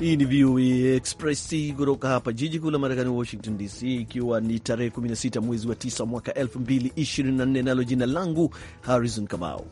Hii ni VOA Express kutoka hapa jiji kuu la Marekani, Washington DC, ikiwa ni tarehe 16 mwezi wa 9 mwaka 2024, nalo jina langu Harrison Kamau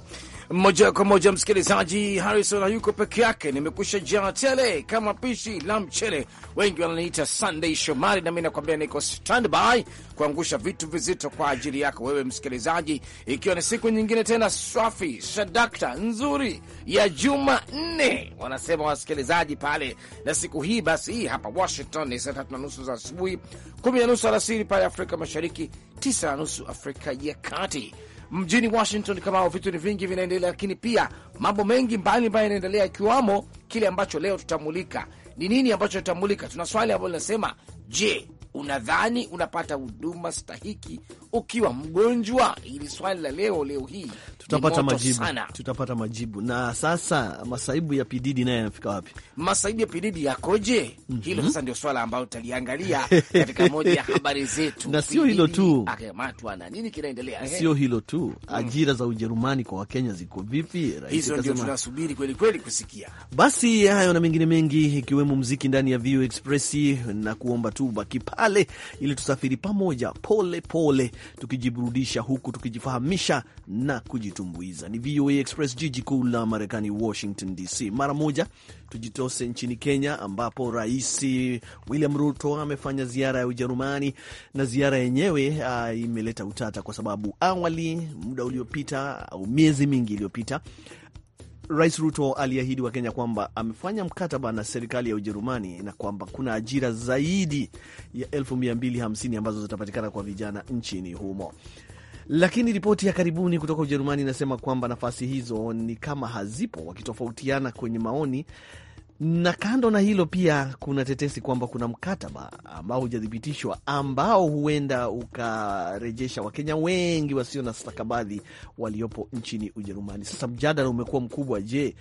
moja kwa moja, msikilizaji, Harrison hayuko peke yake, nimekusha jaa tele kama pishi la mchele. Wengi wananiita Sunday Shomari, nami nakwambia niko standby kuangusha vitu vizito kwa ajili yako wewe msikilizaji, ikiwa ni siku nyingine tena swafi shadakta nzuri ya juma nne, wanasema wasikilizaji pale. Na siku hii basi, hii hapa Washington ni saa tatu na nusu za asubuhi, kumi na nusu alasiri pale Afrika Mashariki, tisa na nusu Afrika ya Kati mjini Washington kama vitu ni vingi vinaendelea, lakini pia mambo mengi mbalimbali yanaendelea, ikiwamo kile ambacho leo tutamulika. Ni nini ambacho tutamulika? Tuna swali ambalo linasema, je, unadhani unapata huduma stahiki ukiwa mgonjwa? Ili swali la leo leo hii tutapata majibu sana. Tutapata majibu. Na sasa masaibu ya pididi naye yanafika wapi? Masaibu ya pididi yakoje? mm -hmm. Hilo sasa ndio swala ambalo tutaliangalia katika moja ya habari zetu, na sio hilo tu, akamatwa na nini kinaendelea. Eh? Sio hilo tu, mhm. ajira mm. za Ujerumani kwa Wakenya ziko vipi? Hizo ndio tunasubiri kweli kweli kusikia. Basi hayo na mengine mengi ikiwemo mziki ndani ya Vio Express, na kuomba tu baki pale ili tusafiri pamoja pole pole tukijiburudisha huku tukijifahamisha na kujitumbuiza. Ni VOA Express, jiji kuu la Marekani, Washington DC. Mara moja tujitose nchini Kenya, ambapo Rais William Ruto amefanya ziara ya Ujerumani, na ziara yenyewe ah, imeleta utata kwa sababu awali, muda uliopita au miezi mingi iliyopita Rais Ruto aliahidi wa Kenya kwamba amefanya mkataba na serikali ya Ujerumani na kwamba kuna ajira zaidi ya 250 ambazo zitapatikana kwa vijana nchini humo. Lakini ripoti ya karibuni kutoka Ujerumani inasema kwamba nafasi hizo ni kama hazipo, wakitofautiana kwenye maoni na kando na hilo, pia kuna tetesi kwamba kuna mkataba ambao hujathibitishwa ambao huenda ukarejesha Wakenya wengi wasio na stakabadhi waliopo nchini Ujerumani. Sasa mjadala umekuwa mkubwa. Je,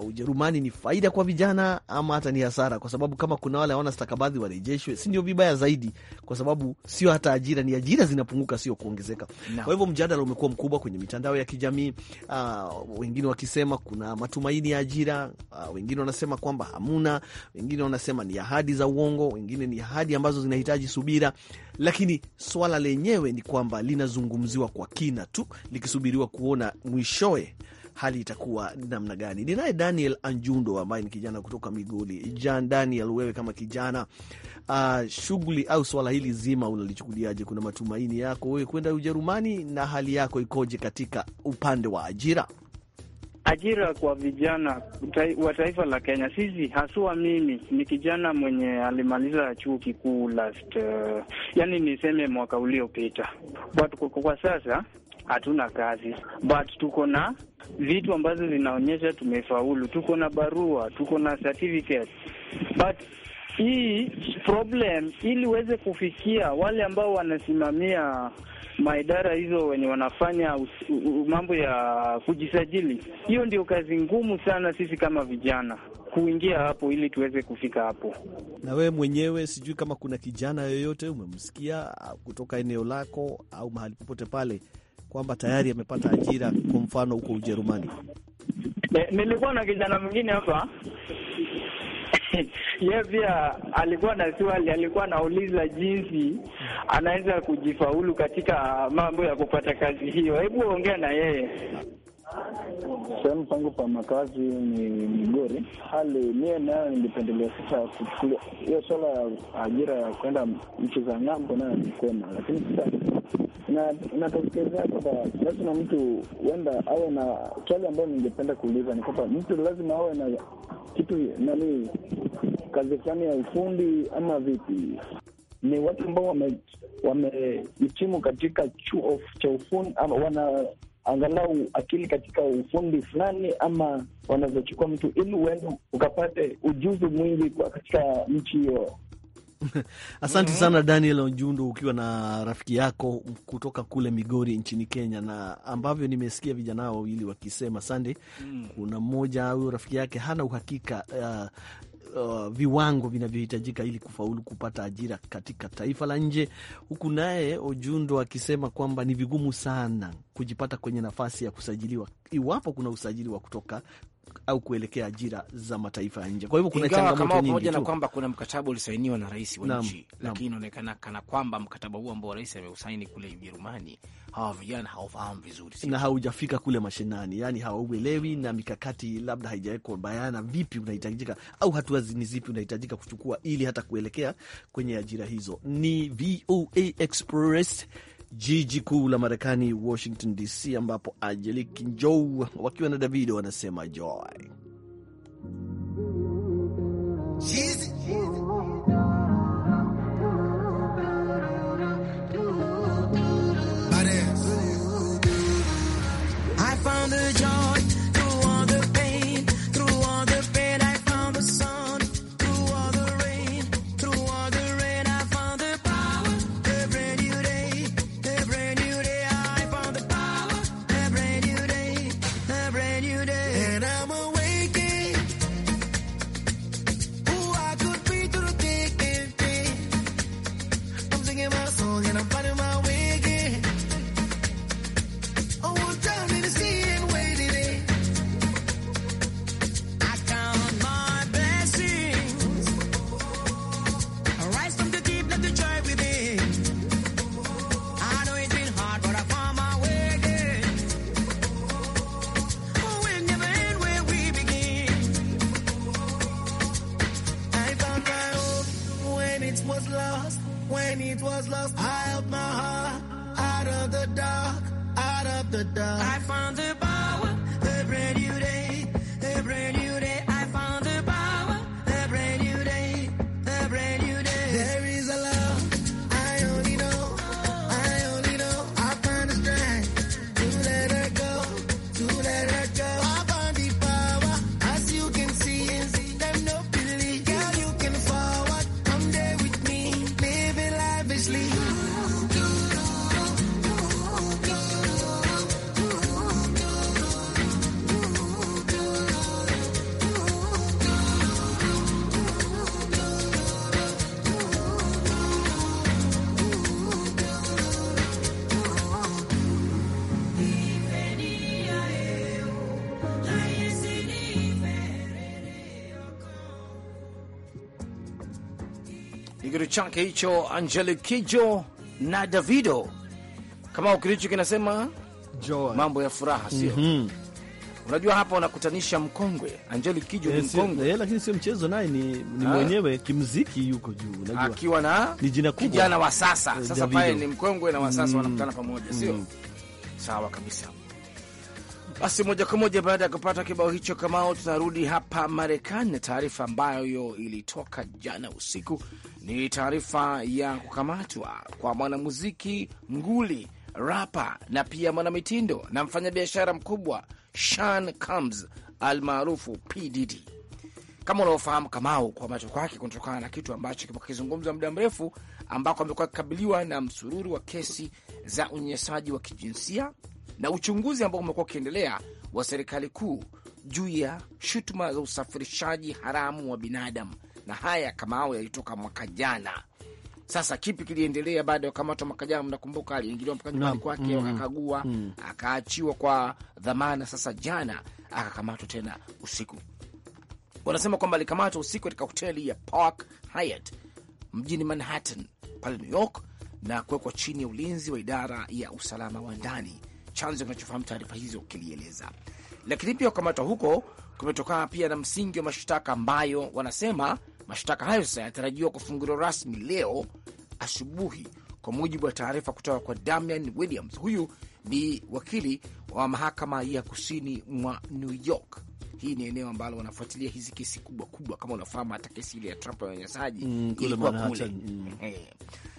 uh, Ujerumani ni faida kwa vijana ama hata ni hasara? Kwa sababu kama kuna wale hawana stakabadhi warejeshwe, si ndio vibaya zaidi? Kwa sababu sio hata ajira, ni ajira zinapunguka, sio kuongezeka. No. Kwa hivyo mjadala umekuwa mkubwa kwenye mitandao ya kijamii, uh, wengine wakisema kuna matumaini ya ajira, uh, wengine wanasema kwamba hamuna, wengine wanasema ni ahadi za uongo, wengine ni ahadi ambazo zinahitaji subira, lakini swala lenyewe ni kwamba linazungumziwa kwa kina tu likisubiriwa kuona mwishowe hali itakuwa namna gani? Ninaye Daniel Anjundo ambaye ni kijana kutoka Migoli. Jan Daniel, wewe kama kijana uh, shughuli au swala hili zima unalichukuliaje? Kuna matumaini yako wewe kwenda Ujerumani na hali yako ikoje katika upande wa ajira? Ajira kwa vijana wa taifa la Kenya, sisi haswa, mimi ni kijana mwenye alimaliza chuo kikuu last uh, yani niseme mwaka uliopita, but kwa sasa hatuna kazi but tuko na vitu ambazo zinaonyesha tumefaulu, tuko na barua, tuko na certificate but hii problem ili uweze kufikia wale ambao wanasimamia maidara hizo wenye wanafanya mambo ya kujisajili. Hiyo ndio kazi ngumu sana sisi kama vijana kuingia hapo ili tuweze kufika hapo. Na wewe mwenyewe, sijui kama kuna kijana yoyote umemsikia ah, kutoka eneo lako au mahali popote pale kwamba tayari amepata ajira, kwa mfano huko Ujerumani? Eh, nilikuwa na kijana mwingine hapa yeye pia uh, alikuwa na swali, alikuwa anauliza jinsi anaweza kujifaulu katika mambo ya kupata kazi hiyo. Hebu ongea na yeye. Sehemu pangu pa makazi ni Migori. Hali mie nayo nilipendelea sasa kuchukulia hiyo swala ya ajira ya kwenda nchi za ng'ambo, nayo ni kwema, lakini sasa inatokezea kwamba lazima mtu huenda awe na swali ambayo ningependa kuuliza ni kwamba mtu lazima awe na kitu nani, kazi fulani ya ufundi ama vipi? Ni watu ambao wamehitimu wame katika chuo cha ufundi ama wana angalau akili katika ufundi fulani, ama wanavyochukua mtu ili uende ukapate ujuzi mwingi katika nchi hiyo. Asante mhm. sana Daniel Onjundu, ukiwa na rafiki yako kutoka kule Migori nchini Kenya, na ambavyo nimesikia vijana hao wawili wakisema sande, mm. kuna mmoja au rafiki yake hana uhakika uh, uh, viwango vinavyohitajika ili kufaulu kupata ajira katika taifa la nje, huku naye Ojundo akisema kwamba ni vigumu sana kujipata kwenye nafasi ya kusajiliwa iwapo kuna usajili wa kutoka au kuelekea ajira za mataifa ya nje. Kwa hivyo kuna changamoto nyingi pamoja na kwamba kuna mkataba ulisainiwa na rais wa nchi, lakini inaonekana kana kwamba mkataba huo ambao rais ameusaini kule Ujerumani, hawa vijana hawafahamu vizuri na haujafika kule mashinani, yani hawauelewi, na mikakati labda haijawekwa bayana, vipi unahitajika au hatua ni zipi unahitajika kuchukua ili hata kuelekea kwenye ajira hizo. Ni VOA Express jiji kuu la Marekani, Washington DC, ambapo Angelique Njou wakiwa na Davido wanasema joy Jesus. Jesus. joy. chake hicho Angelique Kijo na Davido kama ukilicho kinasema Joy. Mambo ya furaha sio? mm -hmm. Unajua, hapa unakutanisha mkongwe Angelique Kijo ni eh, mkongwe, eh, lakini sio mchezo, naye ni, ni ah. mwenyewe kimziki yuko juu, unajua akiwa na ni jina kubwa, kijana wa sasa. Eh, sasa pale ni mkongwe na wasasa mm. wanakutana pamoja, sio? mm -hmm. Sawa kabisa. Basi moja kwa moja baada ya kupata kibao hicho Kamao, tunarudi hapa Marekani na taarifa ambayo ilitoka jana usiku ni taarifa ya kukamatwa kwa mwanamuziki nguli, rapa na pia mwanamitindo na mfanyabiashara mkubwa Sean Combs almaarufu pdd Kama unaofahamu Kamau, kukamatwa kwake kunatokana na kitu ambacho kimekuwa kizungumza muda mrefu, ambako amekuwa akikabiliwa na msururu wa kesi za unyanyasaji wa kijinsia na uchunguzi ambao umekuwa ukiendelea wa serikali kuu juu ya shutuma za usafirishaji haramu wa binadamu, na haya Kamao yalitoka mwaka jana. Sasa kipi kiliendelea baada ya kukamatwa mwaka jana? Mnakumbuka aliingiliwa mpaka nyumbani kwake mm, mm-hmm. wakakagua mm, mm-hmm. akaachiwa kwa dhamana. Sasa jana akakamatwa tena usiku. Wanasema kwamba alikamatwa usiku katika hoteli ya Park Hyatt mjini Manhattan pale New York na kuwekwa chini ya ulinzi wa idara ya usalama wa ndani chanzo kinachofahamu taarifa hizo kilieleza. Lakini pia kukamatwa huko kumetokana pia na msingi wa mashtaka ambayo wanasema mashtaka hayo sasa yanatarajiwa kufunguliwa rasmi leo asubuhi, kwa mujibu wa taarifa kutoka kwa Damian Williams. Huyu ni wakili wa mahakama ya kusini mwa New York. Hii ni eneo ambalo wanafuatilia hizi kesi kubwa kubwa, kama unafahamu, hata kesi ile ya Trump ya unyanyasaji mm, ilikuwa kule mm. Eh.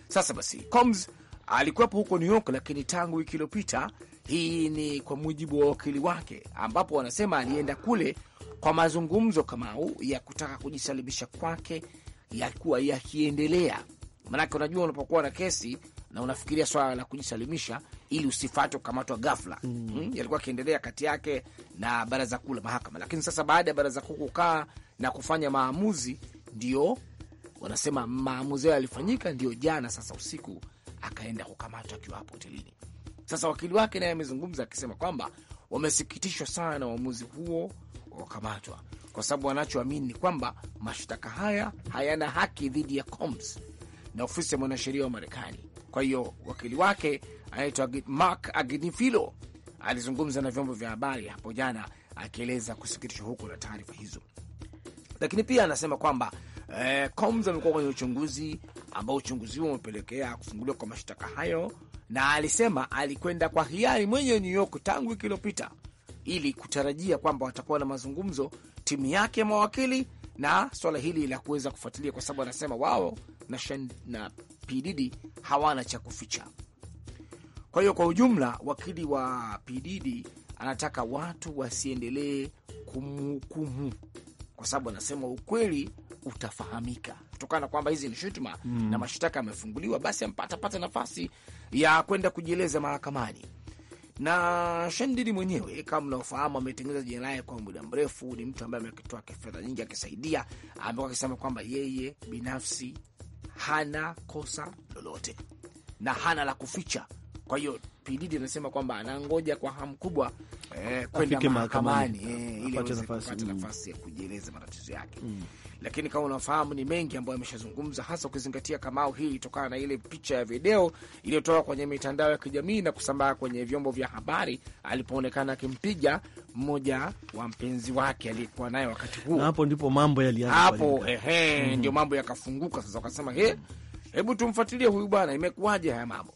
Sasa basi, Combs alikuwepo huko New York, lakini tangu wiki iliyopita hii ni kwa mujibu wa wakili wake, ambapo wanasema alienda kule kwa mazungumzo Kamau ya kutaka kujisalimisha kwake yakuwa yakiendelea. Maanake unajua unapokuwa na kesi na unafikiria swala la kujisalimisha ili usifate ukamatwa ghafla mm. Hmm, yalikuwa akiendelea kati yake na baraza kuu la mahakama, lakini sasa baada ya baraza kuu kukaa na kufanya maamuzi, ndio wanasema maamuzi hayo yalifanyika, ndio jana sasa usiku akaenda kukamatwa akiwa hapo hotelini. Sasa wakili wake naye amezungumza akisema kwamba wamesikitishwa sana na uamuzi huo wakamatwa, kwa sababu wanachoamini ni kwamba mashtaka haya hayana haki dhidi ya Combs na ofisi ya mwanasheria wa Marekani. Kwa hiyo wakili wake anaitwa Mark Agnifilo alizungumza na vyombo vya habari hapo jana akieleza kusikitishwa huko na taarifa hizo, lakini pia anasema kwamba eh, Combs amekuwa kwenye uchunguzi ambao uchunguzi huo umepelekea kufunguliwa kwa mashtaka hayo na alisema alikwenda kwa hiari mwenye New York tangu wiki iliyopita ili kutarajia kwamba watakuwa na mazungumzo timu yake ya mawakili na swala hili la kuweza kufuatilia, kwa sababu anasema wao na Shen na PDD hawana cha kuficha. Kwa hiyo kwa ujumla, wakili wa PDD anataka watu wasiendelee kumhukumu kwa sababu anasema ukweli utafahamika kutokana na kwamba hizi ni shutuma mm, na mashtaka yamefunguliwa, basi ampatapata nafasi ya kwenda kujieleza mahakamani. Na Shandini mwenyewe kama mnaofahamu, ametengeneza jina lake kwa muda mrefu. Ni mtu ambaye ametoa fedha nyingi akisaidia. Amekuwa akisema kwamba yeye binafsi hana kosa lolote na hana la kuficha kwa hiyo PDD anasema kwamba anangoja kwa hamu kubwa eh, kwenda mahakamani eh, ili aweze kupata mm. nafasi ya kujieleza matatizo yake mm. Lakini kama unafahamu ni mengi ambayo ameshazungumza, hasa ukizingatia Kamau, hii ilitokana na ile picha ya video iliyotoka kwenye mitandao ya kijamii na kusambaa kwenye vyombo vya habari alipoonekana akimpiga mmoja wa mpenzi wake aliyekuwa naye wakati huo. Hapo ndipo mambo yalianza, hapo ehe, mm. ndio mambo yakafunguka sasa, wakasema he, hebu tumfuatilie huyu bwana, imekuwaje haya mambo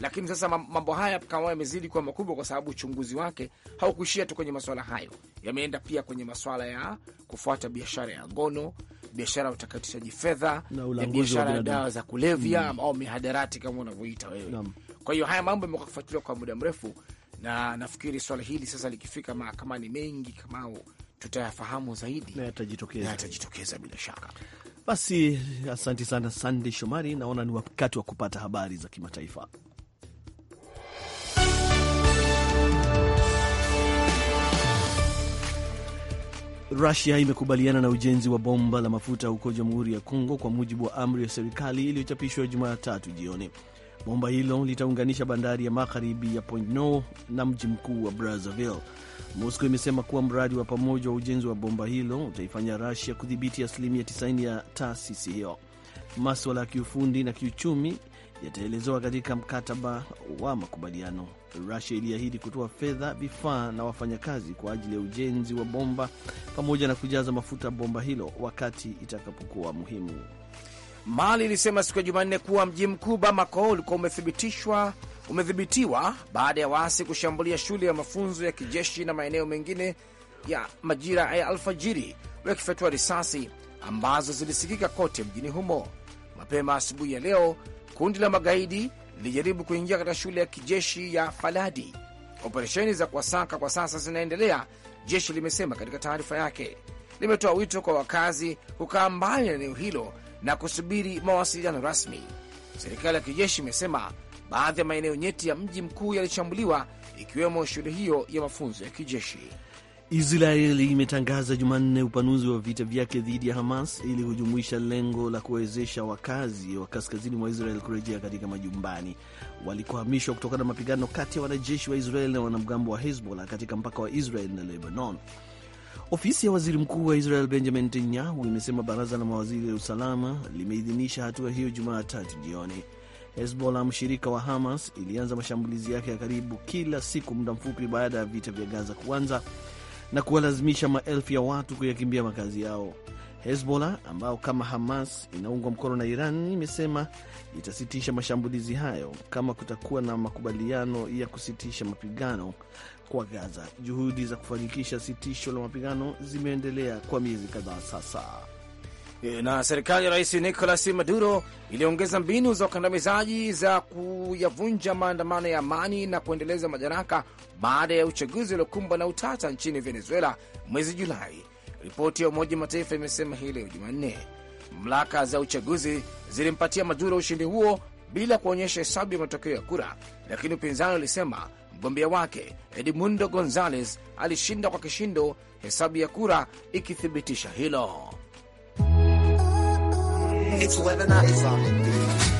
lakini sasa mambo haya kama yamezidi kuwa makubwa, kwa sababu uchunguzi wake haukuishia tu kwenye maswala hayo, yameenda pia kwenye maswala ya kufuata biashara ya ngono, biashara ya utakatishaji fedha, na biashara ya dawa za kulevya mm, au mihadarati kama unavyoita wewe na. Kwa hiyo haya mambo yamekuwa kufuatiliwa kwa muda mrefu, na nafikiri swala hili sasa likifika mahakamani, mengi kama tutayafahamu zaidi na yatajitokeza, yatajitokeza bila shaka. Basi, asanti sana Sandey Shomari. Naona ni wakati wa kupata habari za kimataifa. Rusia imekubaliana na ujenzi wa bomba la mafuta huko Jamhuri ya Kongo kwa mujibu wa amri ya serikali iliyochapishwa Jumatatu jioni. Bomba hilo litaunganisha bandari ya magharibi ya Poinou na mji mkuu wa Brazzaville. Moscow imesema kuwa mradi wa pamoja wa ujenzi wa bomba hilo utaifanya Rusia kudhibiti asilimia 90 ya taasisi hiyo. Maswala ya kiufundi na kiuchumi yataelezewa katika mkataba wa makubaliano. Rusia iliahidi kutoa fedha, vifaa na wafanyakazi kwa ajili ya ujenzi wa bomba pamoja na kujaza mafuta bomba hilo wakati itakapokuwa muhimu. Mali ilisema siku ya Jumanne kuwa mji mkuu Bamako ulikuwa umethibitishwa umedhibitiwa baada ya waasi kushambulia shule ya mafunzo ya kijeshi na maeneo mengine ya majira ya alfajiri, wakifyatua risasi ambazo zilisikika kote mjini humo. Mapema asubuhi ya leo, kundi la magaidi ilijaribu kuingia katika shule ya kijeshi ya Faladi. Operesheni za kuwasaka kwa sasa zinaendelea, jeshi limesema katika taarifa yake. Limetoa wito kwa wakazi kukaa mbali na eneo hilo na kusubiri mawasiliano rasmi. Serikali ya kijeshi imesema baadhi ya maeneo nyeti ya mji mkuu yalishambuliwa, ikiwemo shule hiyo ya mafunzo ya kijeshi. Israeli imetangaza Jumanne upanuzi wa vita vyake dhidi ya Hamas ili kujumuisha lengo la kuwawezesha wakazi wa kaskazini mwa Israel kurejea katika majumbani walikohamishwa kutokana na mapigano kati ya wanajeshi wa Israel na wanamgambo wa Hezbollah katika mpaka wa Israel na Lebanon. Ofisi ya waziri mkuu wa Israel Benjamin Netanyahu imesema baraza la mawaziri ya usalama limeidhinisha hatua hiyo Jumatatu jioni. Hezbollah, mshirika wa Hamas, ilianza mashambulizi yake ya karibu kila siku muda mfupi baada ya vita vya Gaza kuanza na kuwalazimisha maelfu ya watu kuyakimbia makazi yao. Hezbollah ambao kama Hamas inaungwa mkono na Iran imesema itasitisha mashambulizi hayo kama kutakuwa na makubaliano ya kusitisha mapigano kwa Gaza. Juhudi za kufanikisha sitisho la mapigano zimeendelea kwa miezi kadhaa sasa. Eh, na serikali ya Rais Nicolas Maduro iliongeza mbinu za ukandamizaji za kuyavunja maandamano ya amani na kuendeleza madaraka baada ya uchaguzi uliokumbwa na utata nchini Venezuela mwezi Julai. Ripoti ya Umoja Mataifa imesema hii leo Jumanne mamlaka za uchaguzi zilimpatia Maduro ushindi huo bila kuonyesha hesabu ya matokeo ya kura, lakini upinzani ulisema mgombea wake Edmundo Gonzalez alishinda kwa kishindo, hesabu ya kura ikithibitisha hilo. It's Lebanon Islamic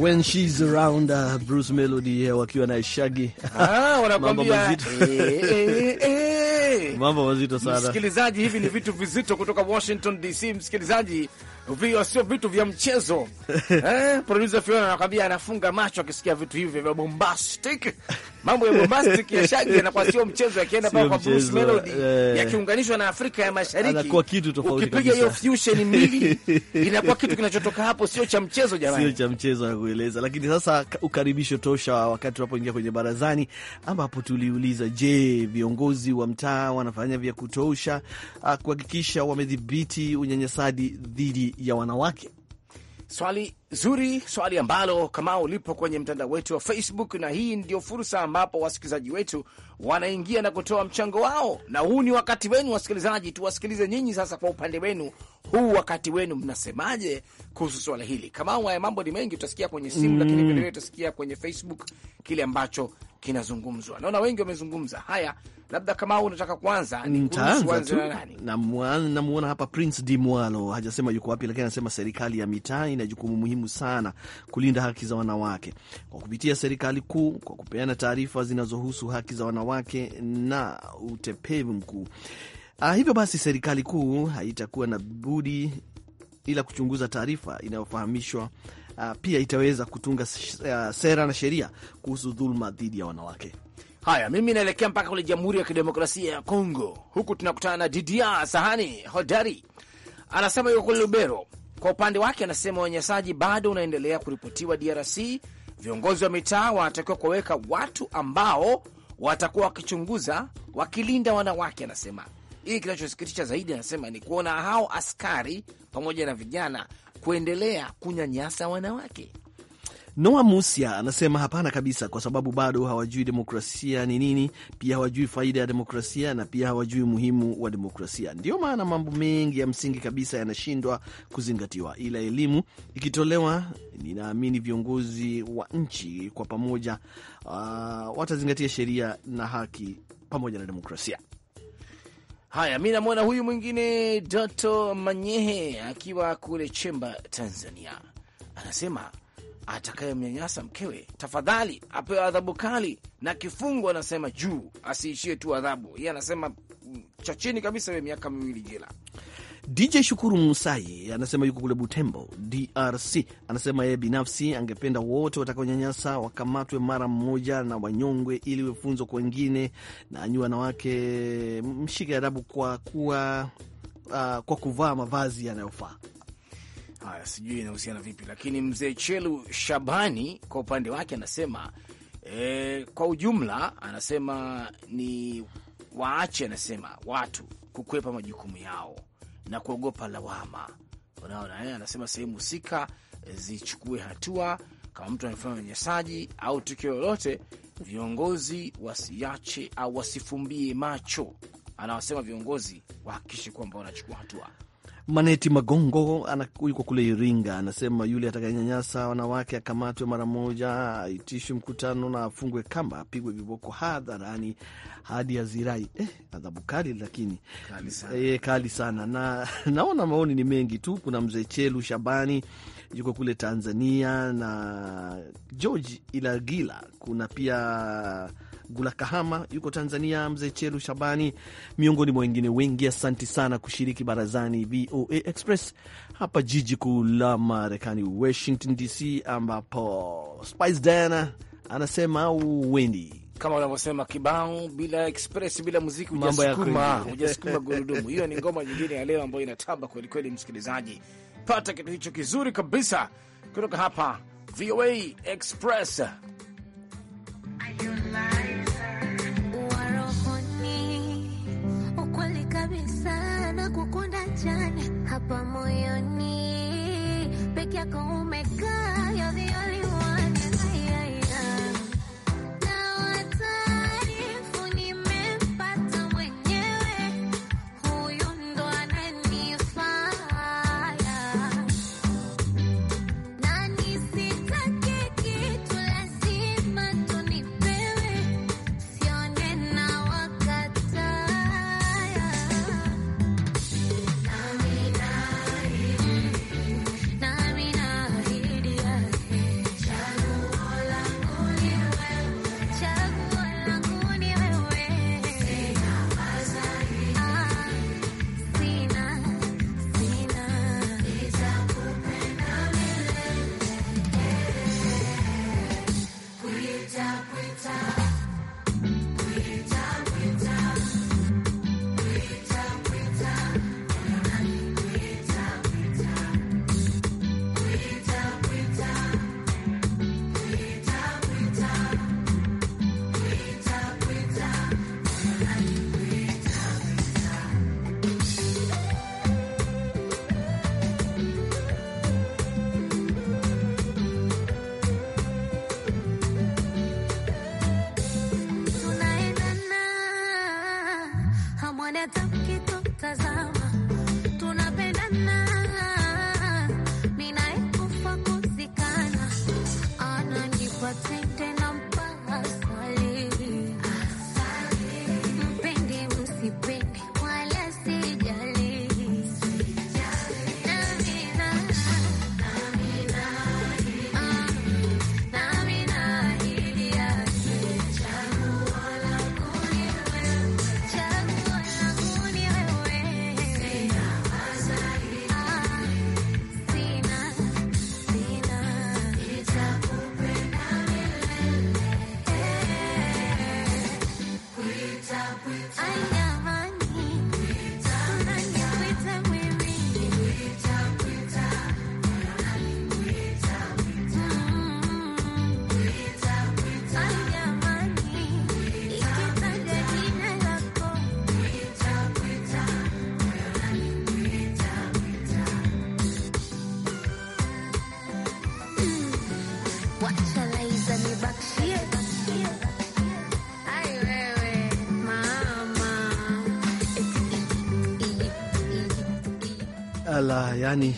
When she's around uh, Bruce Melody eh, wakiwa na Shaggy. Ah, wanakuambia eh, eh, Mambo mazito sana. Msikilizaji, hivi ni vitu vizito kutoka Washington DC. Msikilizaji, vio sio vitu vya mchezo. Eh, producer Fiona anakuambia anafunga macho akisikia vitu hivi vya bombastic mambo ya bombastic ya Shaggy yanakuwa sio mchezo, yakienda pale kwa Bruce Melody eh. yakiunganishwa na Afrika ya Mashariki anakuwa kitu tofauti Ukipiga hiyo fusion mbili inakuwa kitu kinachotoka hapo, sio cha mchezo jamani, sio cha mchezo na kueleza. Lakini sasa ukaribisho tosha wakati tunapoingia kwenye barazani, ambapo tuliuliza, je, viongozi wa mtaa wanafanya vya kutosha ah, kuhakikisha wamedhibiti unyanyasaji dhidi ya wanawake? Swali zuri, swali ambalo kama ulipo kwenye mtandao wetu wa Facebook, na hii ndio fursa ambapo wasikilizaji wetu wanaingia na kutoa mchango wao, na huu ni wakati wenu wasikilizaji, tuwasikilize nyinyi sasa. Kwa upande wenu, huu wakati wenu mnasemaje kuhusu swala hili? Kama haya mambo ni mengi, utasikia kwenye simu mm, lakini vilevile utasikia kwenye Facebook kile ambacho kinazungumzwa. Naona wengi wamezungumza haya, labda kama unataka kwanza namuona hapa Prince D Mwalo hajasema yuko wapi, lakini anasema serikali ya mitaa ina jukumu muhimu sana kulinda haki za wanawake kwa kupitia serikali kuu kwa kupeana taarifa zinazohusu haki za wanawake na utepevu mkuu. Ah, hivyo basi serikali kuu haitakuwa na budi ila kuchunguza taarifa inayofahamishwa uh, pia itaweza kutunga uh, sera na sheria kuhusu dhuluma dhidi ya wanawake. Haya, mimi naelekea mpaka kule Jamhuri ya Kidemokrasia ya Kongo. Huku tunakutana na Didia Sahani Hodari, anasema yuko kule Lubero. Kwa upande wake, anasema unyanyasaji bado unaendelea kuripotiwa DRC. Viongozi wa mitaa wanatakiwa kuwaweka watu ambao watakuwa wakichunguza, wakilinda wanawake, anasema. hii kinachosikitisha zaidi, anasema ni kuona hao askari pamoja na vijana kuendelea kunyanyasa wanawake. Noa Musia anasema hapana kabisa, kwa sababu bado hawajui demokrasia ni nini, pia hawajui faida ya demokrasia na pia hawajui umuhimu wa demokrasia. ndio maana mambo mengi ya msingi kabisa yanashindwa kuzingatiwa, ila elimu ikitolewa, ninaamini viongozi wa nchi kwa pamoja, uh, watazingatia sheria na haki pamoja na demokrasia. Haya, mi namwona huyu mwingine Doto Manyehe akiwa kule Chemba, Tanzania, anasema atakayemnyanyasa mkewe tafadhali apewe adhabu kali na kifungo, anasema juu, asiishie tu adhabu. Yeye anasema mm, cha chini kabisa, we miaka miwili jela. DJ Shukuru Musai anasema yuko kule Butembo, DRC. Anasema yeye binafsi angependa wote watakaonyanyasa wakamatwe mara mmoja na wanyongwe, ili wefunzo kwa wengine na nyua wanawake mshike adabu kwa kuwa uh, kwa kuvaa mavazi yanayofaa. Haya, sijui inahusiana vipi, lakini mzee Chelu Shabani kwa upande wake anasema e, kwa ujumla anasema ni waache, anasema watu kukwepa majukumu yao na kuogopa lawama. Unaona eh, anasema sehemu husika eh, zichukue hatua kama mtu amefanya unyanyasaji au tukio lolote, viongozi wasiache au wasifumbie macho. Anawasema viongozi wahakikishe kwamba wanachukua hatua. Maneti Magongo yuko kule Iringa, anasema yule atakayenyanyasa wanawake akamatwe mara moja, aitishwe mkutano na afungwe kamba, apigwe viboko hadharani hadi azirai. Eh, adhabu kali, lakini kali sana, eh, kali sana. Na naona maoni ni mengi tu. Kuna mzee Chelu Shabani yuko kule Tanzania na George Ilagila, kuna pia Gulakahama yuko Tanzania, mzee chelu Shabani miongoni mwa wengine wengi. Asanti sana kushiriki barazani VOA Express hapa jiji kuu la Marekani, Washington DC, ambapo Spice Diana anasema wendi kama unavyosema kibao bila express bila muziki hujasukuma hujasukuma gurudumu. Hiyo ni ngoma nyingine ya leo ambayo inatamba kwelikweli. Msikilizaji, pata kitu hicho kizuri kabisa kutoka hapa VOA Express. que con un Abdallah, yani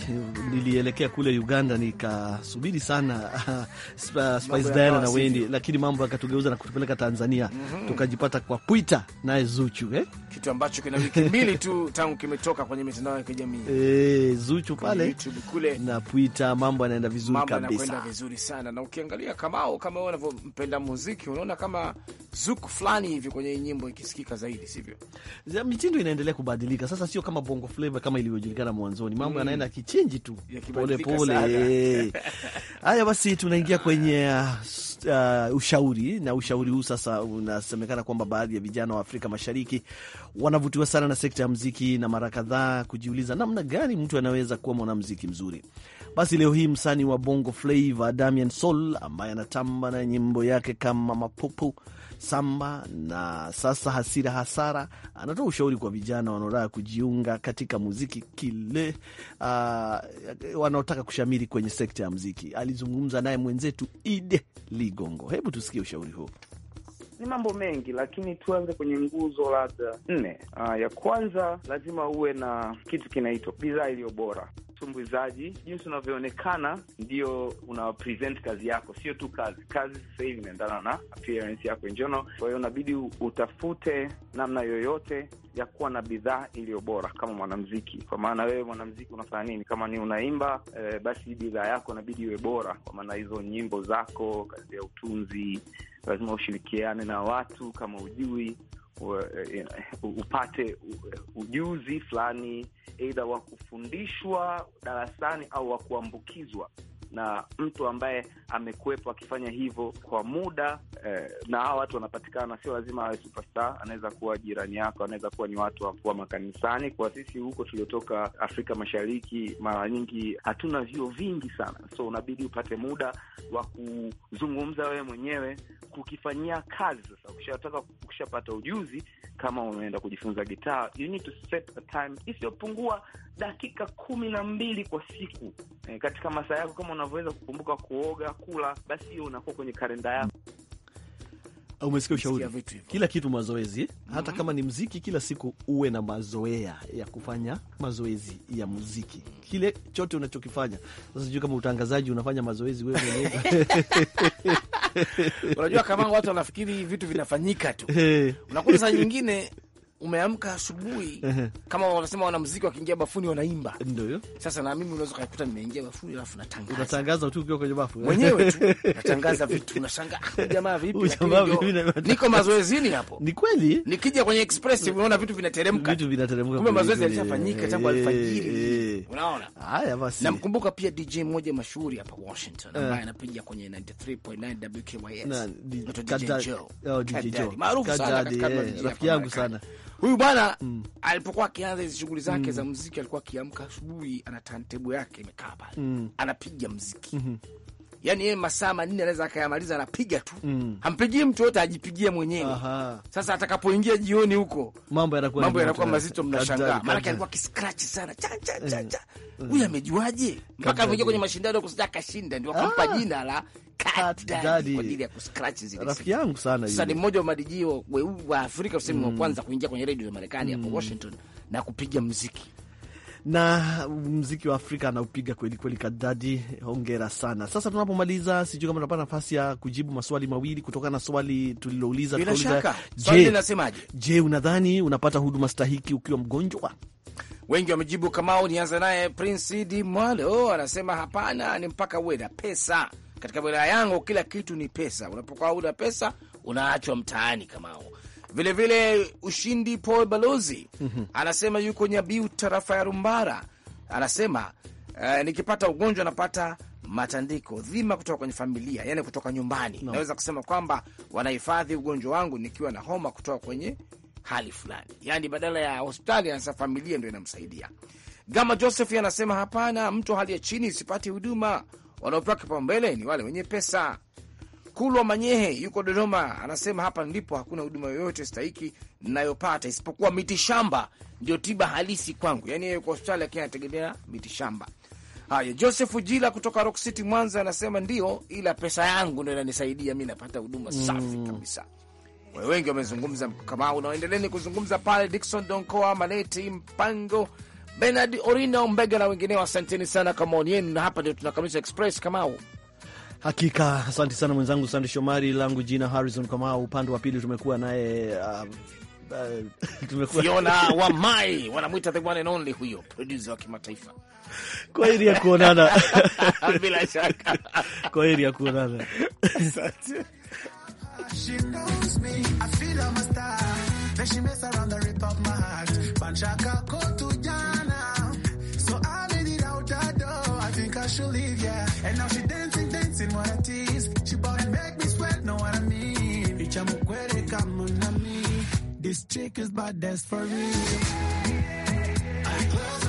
nilielekea kule Uganda nikasubiri sana Spice Diana na Wendi, lakini mambo yakatugeuza na kutupeleka Tanzania. mm -hmm. Tukajipata kwa Pwita naye Zuchu eh? Kitu ambacho kina wiki mbili tu tangu kimetoka kwenye mitandao ya kijamii e, Zuchu pale kule na Pwita, mambo yanaenda vizuri mambo kabisa yanaenda vizuri sana, na ukiangalia Kamao kama wewe unavyompenda muziki unaona kama zuku fulani hivi kwenye nyimbo ikisikika zaidi, sivyo? Mitindo inaendelea kubadilika sasa, sio kama bongo flava kama ilivyojulikana mwanzoni, mambo mm. yanaenda kichinji tu pole pole. Haya basi, tunaingia kwenye uh, ushauri na ushauri huu sasa unasemekana kwamba baadhi ya vijana wa Afrika Mashariki wanavutiwa sana na sekta ya mziki na mara kadhaa kujiuliza namna gani mtu anaweza kuwa mwanamziki mzuri. Basi leo hii msanii wa Bongo Flava Damian Soul ambaye anatamba na nyimbo yake kama mapopo Samba na sasa Hasira Hasara anatoa ushauri kwa vijana wanaotaka kujiunga katika muziki kile, uh, wanaotaka kushamiri kwenye sekta ya muziki. Alizungumza naye mwenzetu Ide Ligongo. Hebu tusikie ushauri huo. Ni mambo mengi lakini tuanze kwenye nguzo labda nne. Uh, ya kwanza lazima uwe na kitu kinaitwa bidhaa iliyo bora utumbuizaji, jinsi unavyoonekana ndio una present kazi yako, sio tu kazi. Kazi sasa hivi inaendana na appearance yako njono, Kwa hiyo unabidi utafute namna yoyote ya kuwa na bidhaa iliyo bora kama mwanamziki. Kwa maana wewe mwanamziki unafanya nini? Kama ni unaimba e, basi bidhaa yako inabidi iwe bora, kwa maana hizo nyimbo zako, kazi ya utunzi, lazima ushirikiane na watu kama ujui Eh, eh, upate eh, ujuzi fulani, eidha wa kufundishwa darasani au wa kuambukizwa na mtu ambaye amekuwepo akifanya hivyo kwa muda eh, na hawa watu wanapatikana, sio lazima awe superstar. Anaweza kuwa jirani yako, anaweza kuwa ni watu wakuwa makanisani. Kwa sisi huko tuliotoka Afrika Mashariki, mara nyingi hatuna vyuo vingi sana, so unabidi upate muda wa kuzungumza wewe mwenyewe, kukifanyia kazi. Sasa ukishataka ukishapata ujuzi kama unaenda kujifunza gitaa, you need to set a time isiyopungua dakika kumi na mbili kwa siku e, katika masaa yako, kama unavyoweza kukumbuka kuoga, kula, basi hiyo unakuwa kwenye kalenda yako umesikia ushauri, kila kitu mazoezi, hata mm -hmm. kama ni mziki, kila siku uwe na mazoea ya kufanya mazoezi ya muziki, kile chote unachokifanya. Sasa sijui kama utangazaji unafanya mazoezi wewe mwenyewe unajua, kama watu wanafikiri vitu vinafanyika tu, unakuta saa nyingine umeamka asubuhi kama wanasema wanamuziki wakiingia bafuni wanaimba. Ndio sasa, na mimi unaweza kukuta nimeingia bafuni alafu natangaza, unatangaza tu ukiwa kwenye bafu mwenyewe tu natangaza vitu, unashangaa ah, jamaa vipi, niko mazoezini hapo. Ni kweli, nikija kwenye express unaona vitu vinateremka, vitu vinateremka, kumbe mazoezi yalishafanyika tangu alfajiri. Unaona haya basi, namkumbuka pia DJ mmoja mashuhuri hapa Washington ambaye eh. anapiga kwenye 93.9 WKYS, DJ Joe, oh, DJ Joe, maarufu sana katika eh, rafiki yangu sana Huyu bwana mm. alipokuwa akianza hizi shughuli zake mm. za mziki, alikuwa akiamka asubuhi, ana tantebu yake imekaa pale mm. anapiga mziki mm -hmm yani yeye masaa manne anaweza akayamaliza, anapiga tu mm. hampigii mtu yote, ajipigie mwenyewe. Sasa atakapoingia jioni huko mambo yanakuwa mambo yanakuwa mazito, mnashangaa, maanake alikuwa kiscratch sana cha cha cha eh. cha, eh. huyu amejuaje mpaka alivyoingia kwenye mashindano kusita akashinda, ndio akampa ah. jina la rafiki yangu sana. Sasa ni mmoja wa madijio wa Afrika tuseme, wa mm. kwanza kuingia kwenye redio ya Marekani hapo mm. Washington na kupiga mziki na mziki wa Afrika anaupiga kweli kweli. Kadadi, hongera sana. Sasa tunapomaliza, sijui kama tunapata nafasi ya kujibu maswali mawili kutokana na swali tulilouliza. Je, unadhani unapata huduma stahiki ukiwa mgonjwa? Wengi wamejibu. Kamao, nianza naye Prince Di Mwalo anasema hapana, ni mpaka uwe na pesa. Katika wilaya yangu kila kitu ni pesa, unapokuwa una pesa unaachwa mtaani. Kamao vilevile vile ushindi Paul Balozi mhm. anasema yuko Nyabiu, tarafa ya Rumbara, anasema eh, nikipata ugonjwa napata matandiko dhima kutoka kwenye familia, yani kutoka nyumbani no. Naweza kusema kwamba wanahifadhi ugonjwa wangu nikiwa na homa kutoka kwenye hali fulani, yani badala ya hospitali anasema familia ndo inamsaidia. Gama Joseph anasema hapana, mtu hali ya chini sipati huduma, wanaopewa kipaumbele ni wale wenye pesa. Kulwa Manyehe yuko Dodoma, anasema hapa ndipo hakuna huduma yoyote stahiki nayopata isipokuwa miti shamba, ndio tiba halisi kwangu. Yani yeye yuko hospitali lakini anategemea miti shamba. Haya, Joseph Jila kutoka Rock City Mwanza anasema ndio, ila pesa yangu ndo inanisaidia mi napata huduma mm, safi kabisa. We wengi wamezungumza kama unaoendeleni kuzungumza pale, Dikson Donkoa, Maleti Mpango, Benard Orino Mbega na wengineo, asanteni sana kwa maoni yenu, na hapa ndio tunakamilisha Express Kamau. Hakika, asante sana mwenzangu Sande Shomari. Langu jina Harrison Kamau, upande wa pili tumekuwa naye um, uh, uh, Fiona Wamai, wanamwita the one and only huyo producer wa kimataifa. Kwa heri ya kuonana bila shaka, kwa heri ya kuonana Asante. still wanna tease. She bought make me sweat, know what I mean? a mukwere come on, me. This chick is bad, that's for real. I close